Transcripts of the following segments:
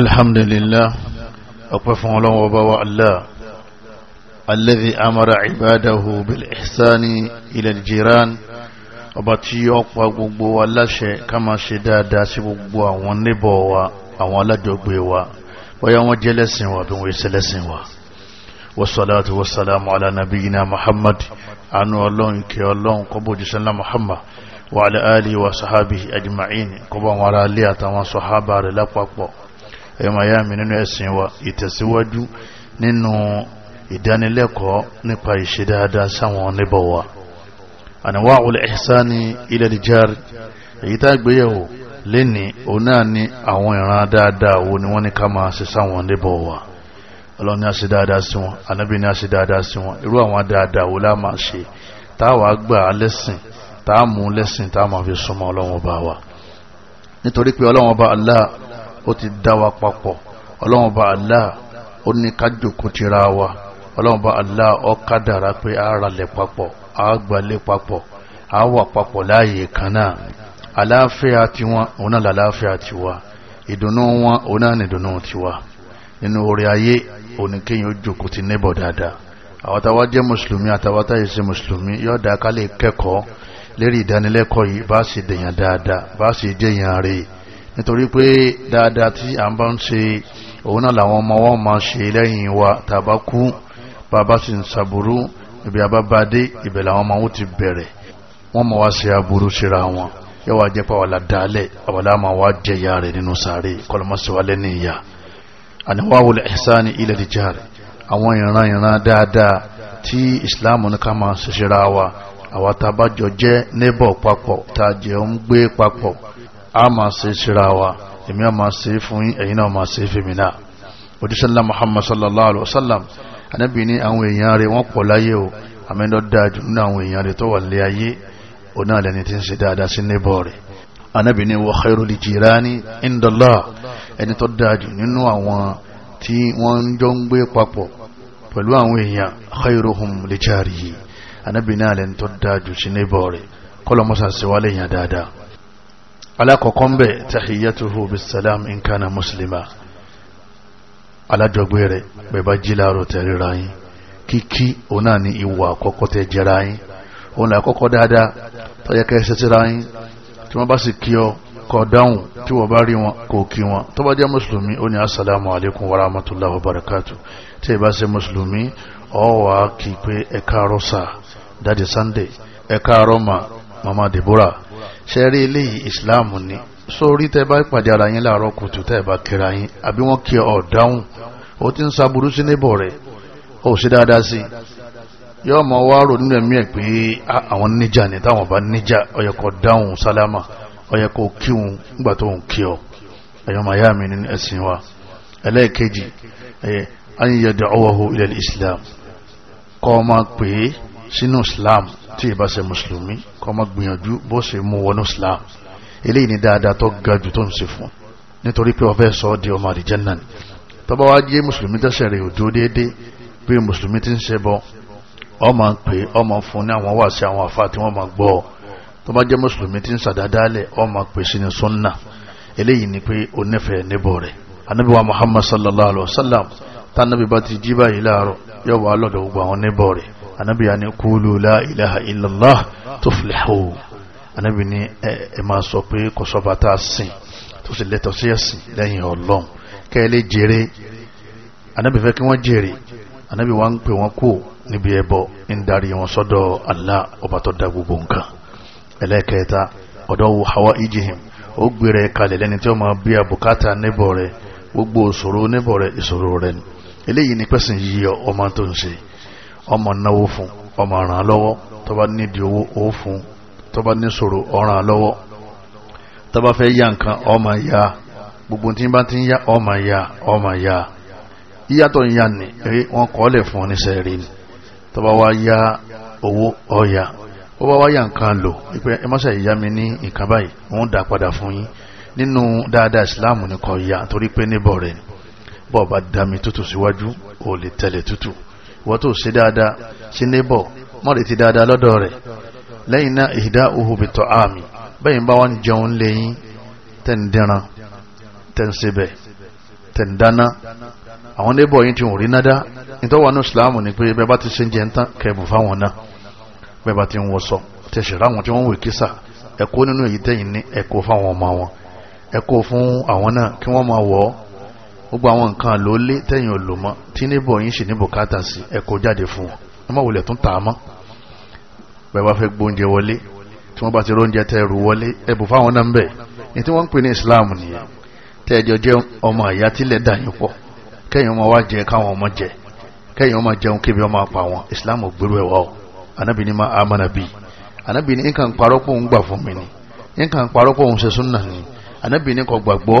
alhamdulillah ọpẹ́ fún ọlọ́wọ́ bá wa allah alladhi amara ibadahu bil ihsani ila al jiran ọba tí ó pa gbogbo wa láṣẹ ká máa ṣe dáadáa sí gbogbo àwọn níbọ̀ wa àwọn alájọgbé wa bóyá wọ́n jẹ́ lẹ́sìn wa bí wọ́n ṣe lẹ́sìn wa wasalaatu wasalaamu ala nabiyina muhammad anu ọlọ́run ìkẹ́ ọlọ́run kọ́bù òjísẹ́lá muhammad wa ala alihi wa sahabihi ajma'in kọ́bù àwọn ará ilé àtàwọn sahaba rẹ̀ lápapọ̀ ẹ̀yọ́ máa yá mi nínú ẹ̀sìn wa ìtẹ̀síwájú nínú ìdánilẹ́kọ̀ọ́ nípa ìṣe dáadáa sáwọn oníbọ̀ wa àníwá òlẹ̀ ìsáni ilẹ̀ ìjárí èyí tá gbéyẹ̀wò lẹ́ni òun náà ní àwọn ìran dáadáa wo ni wọ́n ní ká máa ṣe sáwọn oníbọ̀ wa ọlọ́run ní a ṣe dáadáa sí wọn anábì ní a ṣe dáadáa sí wọn irú àwọn dáadáa wo láà máa ṣe táwa gbà á lẹ́sìn táà mú lẹ́sìn táà máa fi súnmọ́ ọlọ́run ọba wa nítorí pé ọlọ́run ọba Allah ó ti dá wa papọ̀ ọlọ́run bá Allah ó ní ká jókòó tira wa ọlọ́run bá Allah ó kádàrá pé a ralẹ̀ papọ̀ a gbalẹ̀ papọ̀ a wà papọ̀ láàyè kan náà àlàáfíà tiwọn òun náà làlàáfíà tiwa ìdùnnú wọn òun náà nìdùnnú tiwa nínú orí ayé oníkéyìn ó ti níbọ̀ dáadáa àwọn táwa jẹ́ mùsùlùmí àtàwọn táyé ṣe mùsùlùmí yóò dáa ká lè kẹ́kọ̀ọ́ lérí ìdánilẹ́kọ̀ọ́ yìí bá sì dèèyàn dáadáa bá sì jẹ́yàn rèé nítorí pé dáadáa tí à ń bá ń ṣe òun náà làwọn ọmọ wọn máa ṣe lẹ́yìn wa tàbá kú bàbá sì ń ṣàbúrú ibi àbábádé ibẹ̀ làwọn ọmọ wọn ti bẹ̀rẹ̀ wọ́n máa wá ṣe aburú síra wọn yóò wá jẹ́ pàwọ́lá dálẹ̀ àwọ̀lá máa wá jẹ rẹ̀ nínú sàárè kọlọmọ́síwálẹ́ ní ìyá àníwáwò ihsani ila al-jar àwọn ìran ìran dáadáa tí ìsìláàmù ní ká máa ṣiṣẹ́ra wa àwa tá a bá jọ jẹ́ nébọ̀ papọ̀ tá a máa ṣe síra wa èmi a máa ṣe fún yín ẹ̀yin náà máa ṣe fèmí náà òdíṣẹ́lá muhammad sallallahu alaihi wasallam anábì ní àwọn èèyàn rẹ̀ wọ́n pọ̀ láyé o àmẹ́ńdọ́ dájú nínú àwọn èèyàn rẹ̀ tó wà lé ayé òun náà lẹni tí ń ṣe dáadáa sí níbọ̀ rẹ̀ anábì ní wa khairul jirani indallah ẹni tó dájú nínú àwọn tí wọ́n ń jọ ń gbé papọ̀ pẹ̀lú àwọn èèyàn khairuhum li jarihi anábì náà lẹni tó dájú sí níbọ̀ rẹ̀ kọ́lọ́mọ́sà sí wálé èèyàn dáadáa alákọ̀ọ́kọ́ ń bẹ̀ tahiyyatuhu bisalam in kana muslima alájọgbé rẹ̀ bẹ̀bá jí láàrọ̀ tẹ̀ríra yín kíkí òun náà ni ìwà àkọ́kọ́ tẹ jẹra yín òun náà àkọ́kọ́ dáadáa tọ́jẹ́ kẹ́ ṣe síra yín tí wọ́n bá sì kí ọ kọ dáhùn tí wọ́n bá rí wọn kò kí wọn tó bá jẹ́ mùsùlùmí ó ní wa rahmatullahi wa barakatu tí ẹ bá ṣe mùsùlùmí ọ wà á kí pé ẹ káàárọ̀ mama deborah ṣe rí ilé ni sórí tẹ́ bá pàdé ara yín láàárọ̀ kùtù tẹ́ bá kíra yín ọ dáhùn ó ti ń saburú sí níbọ̀ rẹ̀ ó sì dáadáa sí yóò mọ wá rò nínú ẹ̀mí ẹ̀ pé àwọn níjà ni táwọn bá níjà ó dáhùn sálámà ó kíhun nígbà tó ń kí ọ mi nínú wa ẹlẹ́ẹ̀kejì ẹ̀yẹ ayẹyẹ islam kọ ọ máa sínú islam tí ìbá ṣe mùsùlùmí kọ́ má gbìyànjú bó ṣe mú wọnú islam eléyìí ni dáadáa tó ga jù tó ń ṣe fún nítorí pé ó fẹ́ sọ ọ́ di ọmọ àlìjẹ́nà ni tó bá wá jẹ́ mùsùlùmí tẹ́sẹ̀ rẹ̀ òdó déédé bí mùsùlùmí ti ń ṣe bọ́ ọ máa ń pè ọ fún ní àwọn wáàsí àwọn àfáà tí wọ́n máa gbọ́ ọ jẹ́ mùsùlùmí ti ń ṣàdádálẹ̀ ọ pè sí sunna eléyìí ni pé ó níbọ̀ rẹ̀ anábì muhammad sallallahu alayhi wa sallam tánàbí bá ti jí báyìí láàárọ̀ yóò wá anábì yà ni kúlù la ilaha illallah tuflihu anábì ni ẹ máa sọ pé kọsọba tá a sìn tó sì lẹ́tọ̀ sí ẹ̀sìn lẹ́yìn ọlọ́run kẹ́lẹ́ jèrè anábì fẹ́ kí wọ́n jèrè anábì wa ń pè wọ́n kú níbi ẹbọ ń darí wọn sọ́dọ̀ Allah ọba tó dá gbogbo nǹkan ẹlẹ́kẹta ọ̀dọ̀ wo hawa ijihim ó gbére kalẹ̀ lẹ́ni tí ó máa bí abùkátà níbọ̀ rẹ̀ gbogbo ìṣòro níbọ̀ rẹ̀ ìṣòro rẹ̀ ni eléyìí ni pẹ́sìn yíyọ ọmọ tó ń ṣe ọmọ náwó fún ọmọ ràn lọ́wọ́ tó bá nídìí owó ó fún tó bá níṣòro ọ̀ràn lọ́wọ́ tó bá fẹ́ yá nǹkan ọmọ ya gbogbo tí bá ti ń yá ọmọ ya ọmọ ya yíyàtọ̀ ń yá ni eré wọn kọ́ lẹ̀ fún oníṣẹ́ rí ni tó bá wá yá owó ọ̀yà ó bá wá yá nǹkan lò wípé ẹ mọ́ṣẹ́ ìyá mi ní nǹkan báyìí wọ́n dà padà fún yín nínú dáadáa ìsìláàmù ni kò yá torí pé níbọ̀ rẹ̀ bọ́ọ̀ bá dá tútù síwájú ò lè tẹ̀lé tútù wọ́n tó ṣe dáadáa ṣe níbọ̀ mọ́rẹ̀ ti dáadáa lọ́dọ̀ rẹ̀ lẹ́yìn náà ìdá òhù bìtọ̀ àmì bẹ́yìn bá wọ́n jẹun lẹ́yìn tẹ̀ǹdẹ̀ran tẹ̀ǹsẹ̀bẹ̀ tẹ̀ǹdáná àwọn níbọ̀ yìí ti rí nádá ìtọ́wà ní Islam ni pé bẹ́ẹ̀ bá ti ṣe jẹun tán kẹ́bù fáwọn náà bẹ́ẹ̀ bá ti ń wọṣọ tẹ̀sẹ̀rá àwọn tí wọ́n wè kísà ẹ̀kọ́ nínú èyí tẹ̀yìn ní ẹ̀kọ́ fáwọn ọmọ wọn ẹ̀kọ́ fún àwọn náà kí wọ́n máa wọ̀ gbogbo àwọn nǹkan ló lé tẹ́yìn òlò mọ́ tí níbọ̀ yín sì ní bùkátà sí ẹ̀kọ́ jáde fún wọn ẹ má wulẹ̀ tún tà á mọ́ bẹ́ẹ̀ bá fẹ́ gbóúnjẹ wọlé tí wọ́n bá ti róúnjẹ tẹ́ ẹrù wọlé ẹ̀bùn fáwọn náà ń bẹ̀ ní tí wọ́n ń pè ní Islam nìyẹn tẹ́ ẹjọ́ jẹ́ ọmọ àyà tílẹ̀ dà pọ̀ kẹ́yìn ọmọ wa jẹ káwọn ọmọ jẹ kẹ́yìn ọmọ jẹun kébi ọmọ apá wọn Islam gbèrú ẹ̀ wá o anábì ni ma amana bi anábì ni nǹkan parọ́pọ̀ ń gbà fún mi ni nǹkan parọ́pọ̀ ń ṣe súnà ni anábì ni kò gbàgbọ́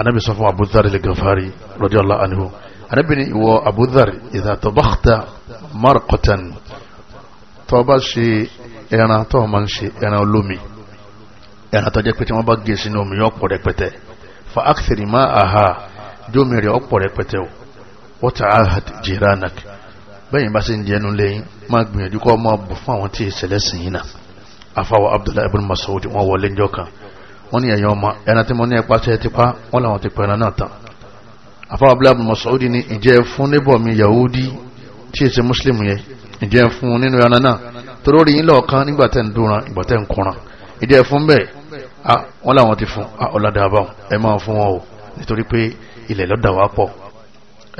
anabi sọ fún abudari ligafari radiyallahu anhu anabi ni ìwọ abudari idha tabakta marqatan tó bá ṣe ẹran tó máa ń ṣe ẹran olómi ẹran tó jẹ́ pé tí wọ́n bá gé sínú omi yóò pọ̀ rẹpẹtẹ fa akthir ma'aha jómi rẹ̀ ọ̀pọ̀ rẹpẹtẹ o wa ta'ahad jiranak bẹ́yìn bá sì ń jẹnu lẹ́yìn máa gbìyànjú kọ́ máa bù fún àwọn tí ìṣẹ̀lẹ̀ sìn yìí náà afáwọ̀ ibn masoud wọn wọlé njọ́ kan wọ́n ní ẹ̀yà ọmọ ẹran tí mo ní ẹpa tẹ́ tipa wọ́n làwọn ti pẹ̀rẹ̀ náà tán afáwọn abúlé abu masoudi ni ìjẹ́ fún níbọ̀ mi yahudi tí èsì muslim yẹ ìjẹ́ fún nínú ẹran náà torí orí yín lọ́ọ̀kan nígbà tẹ́ ń dúnra ìgbà tẹ́ ń kúnra ìjẹ́ fún bẹ́ẹ̀ a wọ́n làwọn ti fún a ọ̀làdà àbá ẹ máa fún wọn o nítorí pé ilẹ̀ lọ́dà wá pọ̀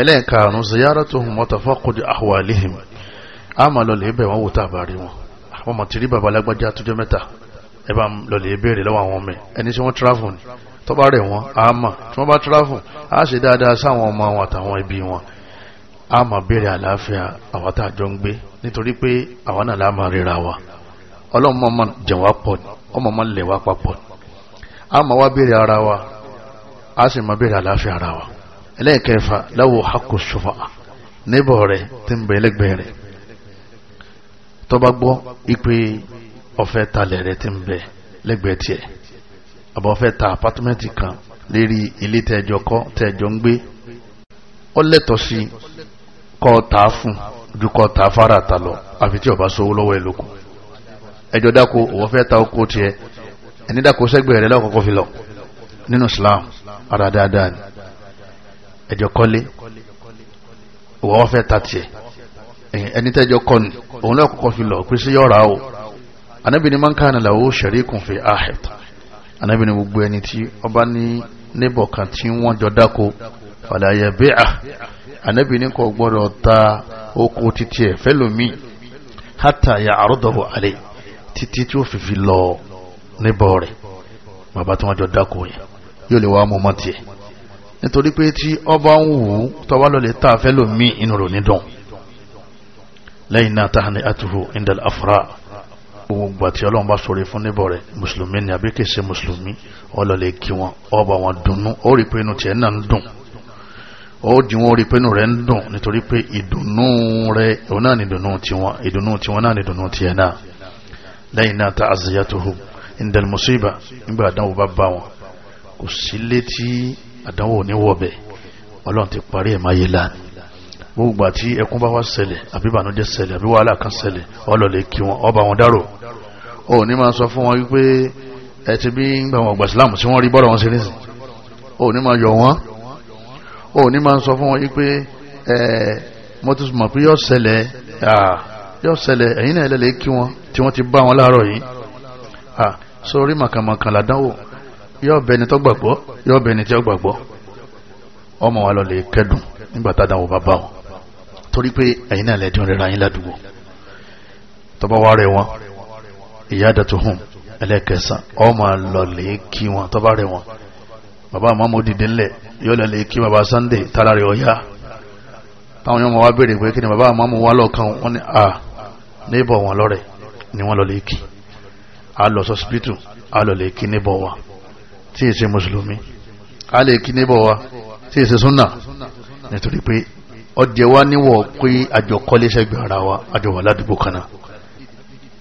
ẹlẹ́ẹ̀karùn-ún ziyaratuhum wa tafaqud ahwalihim a máa lọ lè bẹ̀ ẹ bá lọlẹ̀ ìbéèrè lọ́wọ́ àwọn ọmọ ẹni tí wọ́n travel ni tó bá rẹ̀ wọ́n á mà tí wọ́n bá travel á ṣe dáadáa sáwọn ọmọ àwọn àtàwọn ẹbí wọn á mà béèrè àlàáfíà àwọn tá a jọ ń gbé nítorí pé àwọn náà láàmà ríra wa ọlọ́mọ ọmọ jẹ̀ pọ̀ ni ọmọ ọmọ lẹ̀ papọ̀ ni á mà wá béèrè ara wa á sì mà béèrè àlàáfíà ara wa ẹlẹ́ẹ̀kẹfà láwo hakò ṣùfà níbọ̀ rẹ̀ tí ń bẹ ẹlẹ́gbẹ̀ẹ́ rẹ̀ tó gbọ́ ipe ọfẹ́ talẹ̀ rẹ ti ń bẹ lẹ́gbẹ̀ẹ́ tiẹ̀ àbọ̀fẹ́ ta apátímẹ́ǹtì kan lérí ilé tẹ́jọ kọ́ tẹ́jọ ń gbé ó lẹ́tọ̀ sí kọ́ ta fún ju kọ́ ta fara ta lọ àfi tí ọba sówó lọ́wọ́ ẹ lóko ẹjọ́ dáko òwọ́ fẹ́ ta oko tiẹ̀ ẹni dáko sẹ́gbẹ̀ẹ́ rẹ lọ́kọ̀ọ́kọ́ fi lọ nínú Islam ara dáadáa ni ẹjọ́ kọ́lé òwọ́ fẹ́ ta tiẹ̀ ẹni tẹ́jọ kọ́ ni òun lọ́kọ̀ọ́kọ́ fi lọ pé sí yọ̀ọ̀ra o anábì ni man na lahu sharikun fi ahid anábì ni gbogbo ẹni tí ọba ní níbọ̀ kan tí wọ́n jọ dáko fala yabi'a anábì ni kò gbọ́dọ̀ ta oko títí ẹ̀ fẹ́lòmí hatta ya'rudahu alayhi títí tí ó fi fi lọ níbọ̀ rẹ̀ bàbá tí wọ́n jọ dáko yẹn yóò lè wá mú ọmọ tiẹ̀ nítorí pé tí ọba ń wù ú tọ́wá lọ ta fẹ́lòmí inú rò ní dùn lẹ́yìn náà tahani atuhu indal afra gbogbo àti ọlọ́run bá sọ̀rọ̀ fún níbọ̀ rẹ̀ mùsùlùmí ni àbí kìí ṣe mùsùlùmí ọlọ́lẹ̀ kí wọn ọba wọn dùnnú ó rí pé inú tiẹ̀ náà ń dùn ó di wọn ó rí pé inú rẹ̀ ń dùn nítorí pé ìdùnnú rẹ̀ òun náà ni ìdùnnú tiwọn ìdùnnú tiwọn náà ni ìdùnnú tiẹ̀ náà lẹ́yìn náà ta aziyatuhu indal musiba nígbà àdánwò bá bá wọn kò sí létí àdánwò ní ọlọ́run ti parí ẹ̀ máa yé lánìí gbogbo àti ẹkún bá wá ṣẹlẹ̀ àbí bànújẹ́ ṣẹlẹ̀ àbí wàhálà kan ṣẹlẹ̀ ọlọ́lẹ̀ kí wọn ọba wọn dárò ó ní máa sọ fún wọn wípé ẹ ti bí ń gbà wọn gbà sílámù tí wọ́n rí bọ́ọ̀lù wọn ṣe nísìn ó ní máa yọ wọn ó ní máa sọ fún wọn wípé ẹ mo ti mọ̀ pé yọ ṣẹlẹ̀ yọ ṣẹlẹ̀ ẹ̀yin náà ẹlẹ́lẹ̀ kí wọn tí wọ́n ti bá wọn láàárọ̀ yìí sórí màkàmàkà làdánwò yọ bẹni tó gbàgbọ́ ọmọ wa lọ lè kẹ́dùn nígbà tá a dáwọ́ bá wọn torí pé ẹ̀yin náà lẹ́dùn rẹ̀ ráyìn ládùúgbò tọba wá rẹ̀ wọn ìyádàtuhum ẹlẹ́kẹsàn ọmọ lọlẹ̀ kí wọn tọba rẹ̀ wọn bàbá àmọ́mọ́ dìde ńlẹ̀ yóò lọlẹ̀ kí bàbá Sunday tara rẹ̀ ọ̀yá táwọn yọmọ wá béèrè pé kí ni bàbá àmọ́mọ́ wá lọ́ọ̀kan wọn ni a níbọ̀ wọn lọ́rẹ̀ ni wọ́n lọlẹ̀ kí a lọ sọ́sibítù a lọlẹ̀ kí níbọ̀ wa tí ì ṣe mùsùlùmí a lè kí níbọ̀ wa tí ì ṣe súnà nítorí pé ọdẹ wa níwọ̀ pé àjọ kọ́lé sẹ́gbẹ̀ ara wa àjọ wà ládùúgbò kan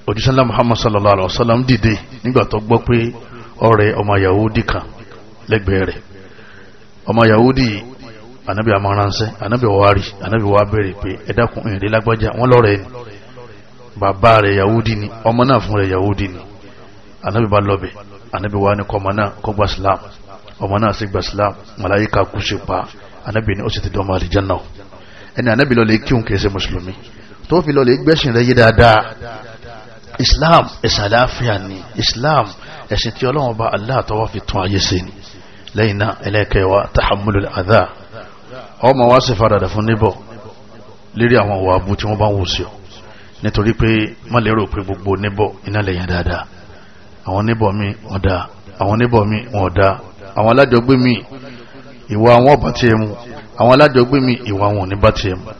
òjísánlá muhammad sallallahu alaihi wa sallam dìde nígbà tó gbọ́ pé ọ̀rẹ́ ọmọ yahudi kan lẹ́gbẹ̀ẹ́ rẹ̀ ọmọ yahudi anabi amaranṣẹ́ anabi wari anabi wa bẹ̀rẹ̀ pé ẹ̀dákun ìrìn lágbájá wọn lọ́rẹ̀ ni bàbá rẹ̀ yahudi ni ọmọ náà fún rẹ̀ yahudi ni anabi bá lọ́bẹ̀ anabi wa ni kọ́mọ náà kó gba islam ọmọ náà sì gba islam màláyíká kú sí pa anabi ni ó sì ti dọ́mọ àlìjánnà náà ẹni ànábì lọ lè kíhun kìí ṣe mùsùlùmí tó fi lọ lè gbẹ̀sìn rẹ̀ yé dáadáa islam ẹ̀sìn àlàáfíà ni islam ẹ̀sìn tí ọlọ́run bá allah tọwọ́ fi tún ayé ṣe ni lẹ́yìn náà ẹlẹ́kẹ̀ẹ́wà tahammulul adha ọmọ wa sì faradà fún níbọ̀ lérí àwọn òwò àbú tí wọ́n bá ń wù sí ọ nítorí pé má lérò pé gbogbo níbọ̀ iná lẹ́yìn dáadáa àwọn níbọ̀ mi wọ́n dáa àwọn níbọ̀ mi wọ́n dáa àwọn alájọgbé mi ìwà àwọn ọ̀bà tí àwọn alájọgbé mi ìwà wọn ní bá tiẹ̀ mu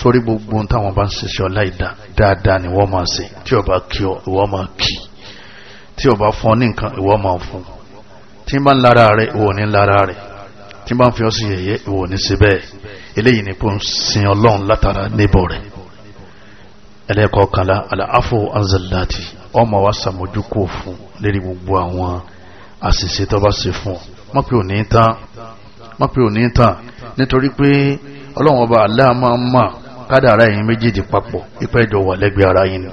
sórí gbogbo ohun táwọn bá ń ṣiṣẹ́ ọlá ìdá dáadáa ni wọ́n máa ṣe tí ọba kí ọ ìwọ máa kì tí ọba fún ọ ní nǹkan ìwọ máa fún tí bá ń lára rẹ ìwọ ní lára rẹ tí bá ń fi ọ sí yẹ̀yẹ́ ìwọ ní ṣe eléyìí ni kò ń sin ọlọ́run látara níbọ̀ rẹ̀ ẹlẹ́kọ̀ọ́kànlá àlàáfò anzalati ọmọ wa sàmójúkò fún lérí gbogbo àwọn àṣìṣe tó bá ṣe fún ọ mọ́ pé ò tán má pé òní tán nítorí pé ọlọ́run ọba Allah máa ń mà kádàrá yín méjèèjì papọ̀ ipa ìjọ wà lẹ́gbẹ̀ẹ́ ara yín ni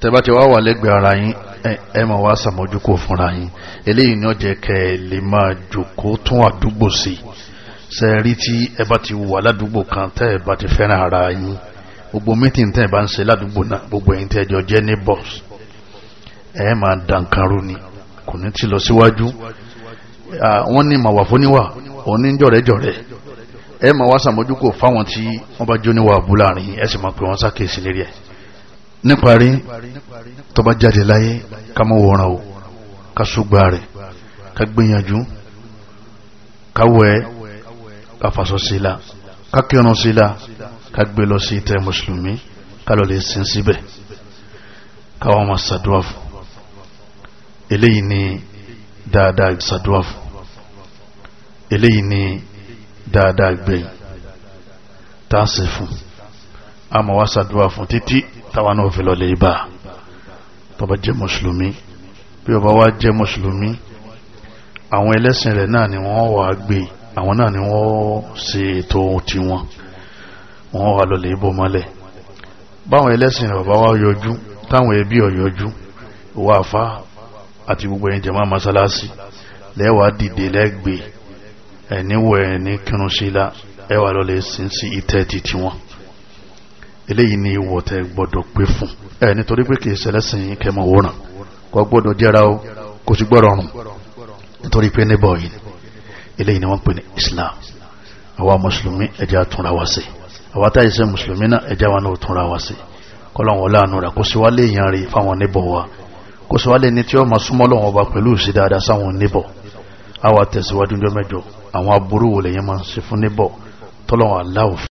tẹ́bá ti wá wà lẹ́gbẹ̀ẹ́ ara yín ẹ máa wá sàmójúkò fúnra yín eléyìí ni ó jẹ́ kẹ́ ẹ lè máa jòkóó tún àdúgbò sí ṣe rí tí ẹ bá ti wà ládùúgbò kan tẹ́ ẹ bá ti fẹ́ràn ara yín gbogbo mítìn tẹ́ ẹ bá ń ṣe ládùúgbò náà gbogbo ẹ̀yin tẹ́ ẹ jọ jẹ́ ní bọ́ọ̀sì ẹ máa dànkan rú ni kò ní ti lọ síwájú wọ́n ní màwàfóníwà òun ní jọ̀rẹ́jọ̀rẹ́ ẹ máa wá sàmójúkò fáwọn tí wọ́n bá jó níwà bú láàrin ẹ sì máa pè wọ́n sákèsí lérí ẹ̀ níparí tó bá jáde láyé ká mọ́ wòran o ká súgbà rẹ̀ ká gbìyànjú ká wẹ̀ ká fàṣọ síla ká kírun síla ká gbé lọ sí ìtẹ́ mùsùlùmí ká lọ lè sin síbẹ̀ ká wọ́n máa ṣàdúrà fún eléyìí ni dáadáa ṣàdúrà fún eléyìí ni dáadáa gbé tààsì fún àmọ́ wá sàdúrà fún títí táwa náà fi lọlẹ̀ ibà tó bá jẹ́ mùsùlùmí bí ó wá jẹ́ mùsùlùmí àwọn ẹlẹ́sìn rẹ̀ náà ni wọ́n wà gbé àwọn náà ni wọ́n ṣe ètò tiwọn wọ́n wà lọlẹ̀ ibò mọ́lẹ̀ báwọn ẹlẹ́sìn rẹ̀ bàbá wa yọjú táwọn ẹbí ọ̀ wà fá àti gbogbo ẹ̀yìn jẹ̀mọ́ masalasi lẹ́wàá dìde lẹ́gbẹ̀ẹ́ ẹni wọ ẹni kírun sí la ẹ wà lọ lè sin sí ìtẹ́ títí wọn eléyìí ni ìwọ tẹ gbọ́dọ̀ pé fún ẹ nítorí pé kìí ṣẹlẹ́sìn kẹmọ wòran kò gbọ́dọ̀ jẹra o kò sì gbọ́dọ̀ rùn nítorí pé níbọ yìí eléyìí ni wọn pè ní Islam àwa mùsùlùmí ẹjẹ àtúnra wa sí àwa táyì ṣe mùsùlùmí náà ẹjẹ wa náà túnra wa sí kọlọ́wọ́n láàánú rà kó sì wá lè yan rí fáwọn níbọ̀ wa kó sì wá lè ní tí ó máa súnmọ́ lọ́wọ́ ọba pẹ̀lú sí dáadáa sáwọn níbọ̀ àwa tẹ̀síwájú jọ mẹ́jọ àwọn aburú wo lèyàn máa ń ṣe fún níbọ̀ tọ́lọ́wọ́n aláwọ̀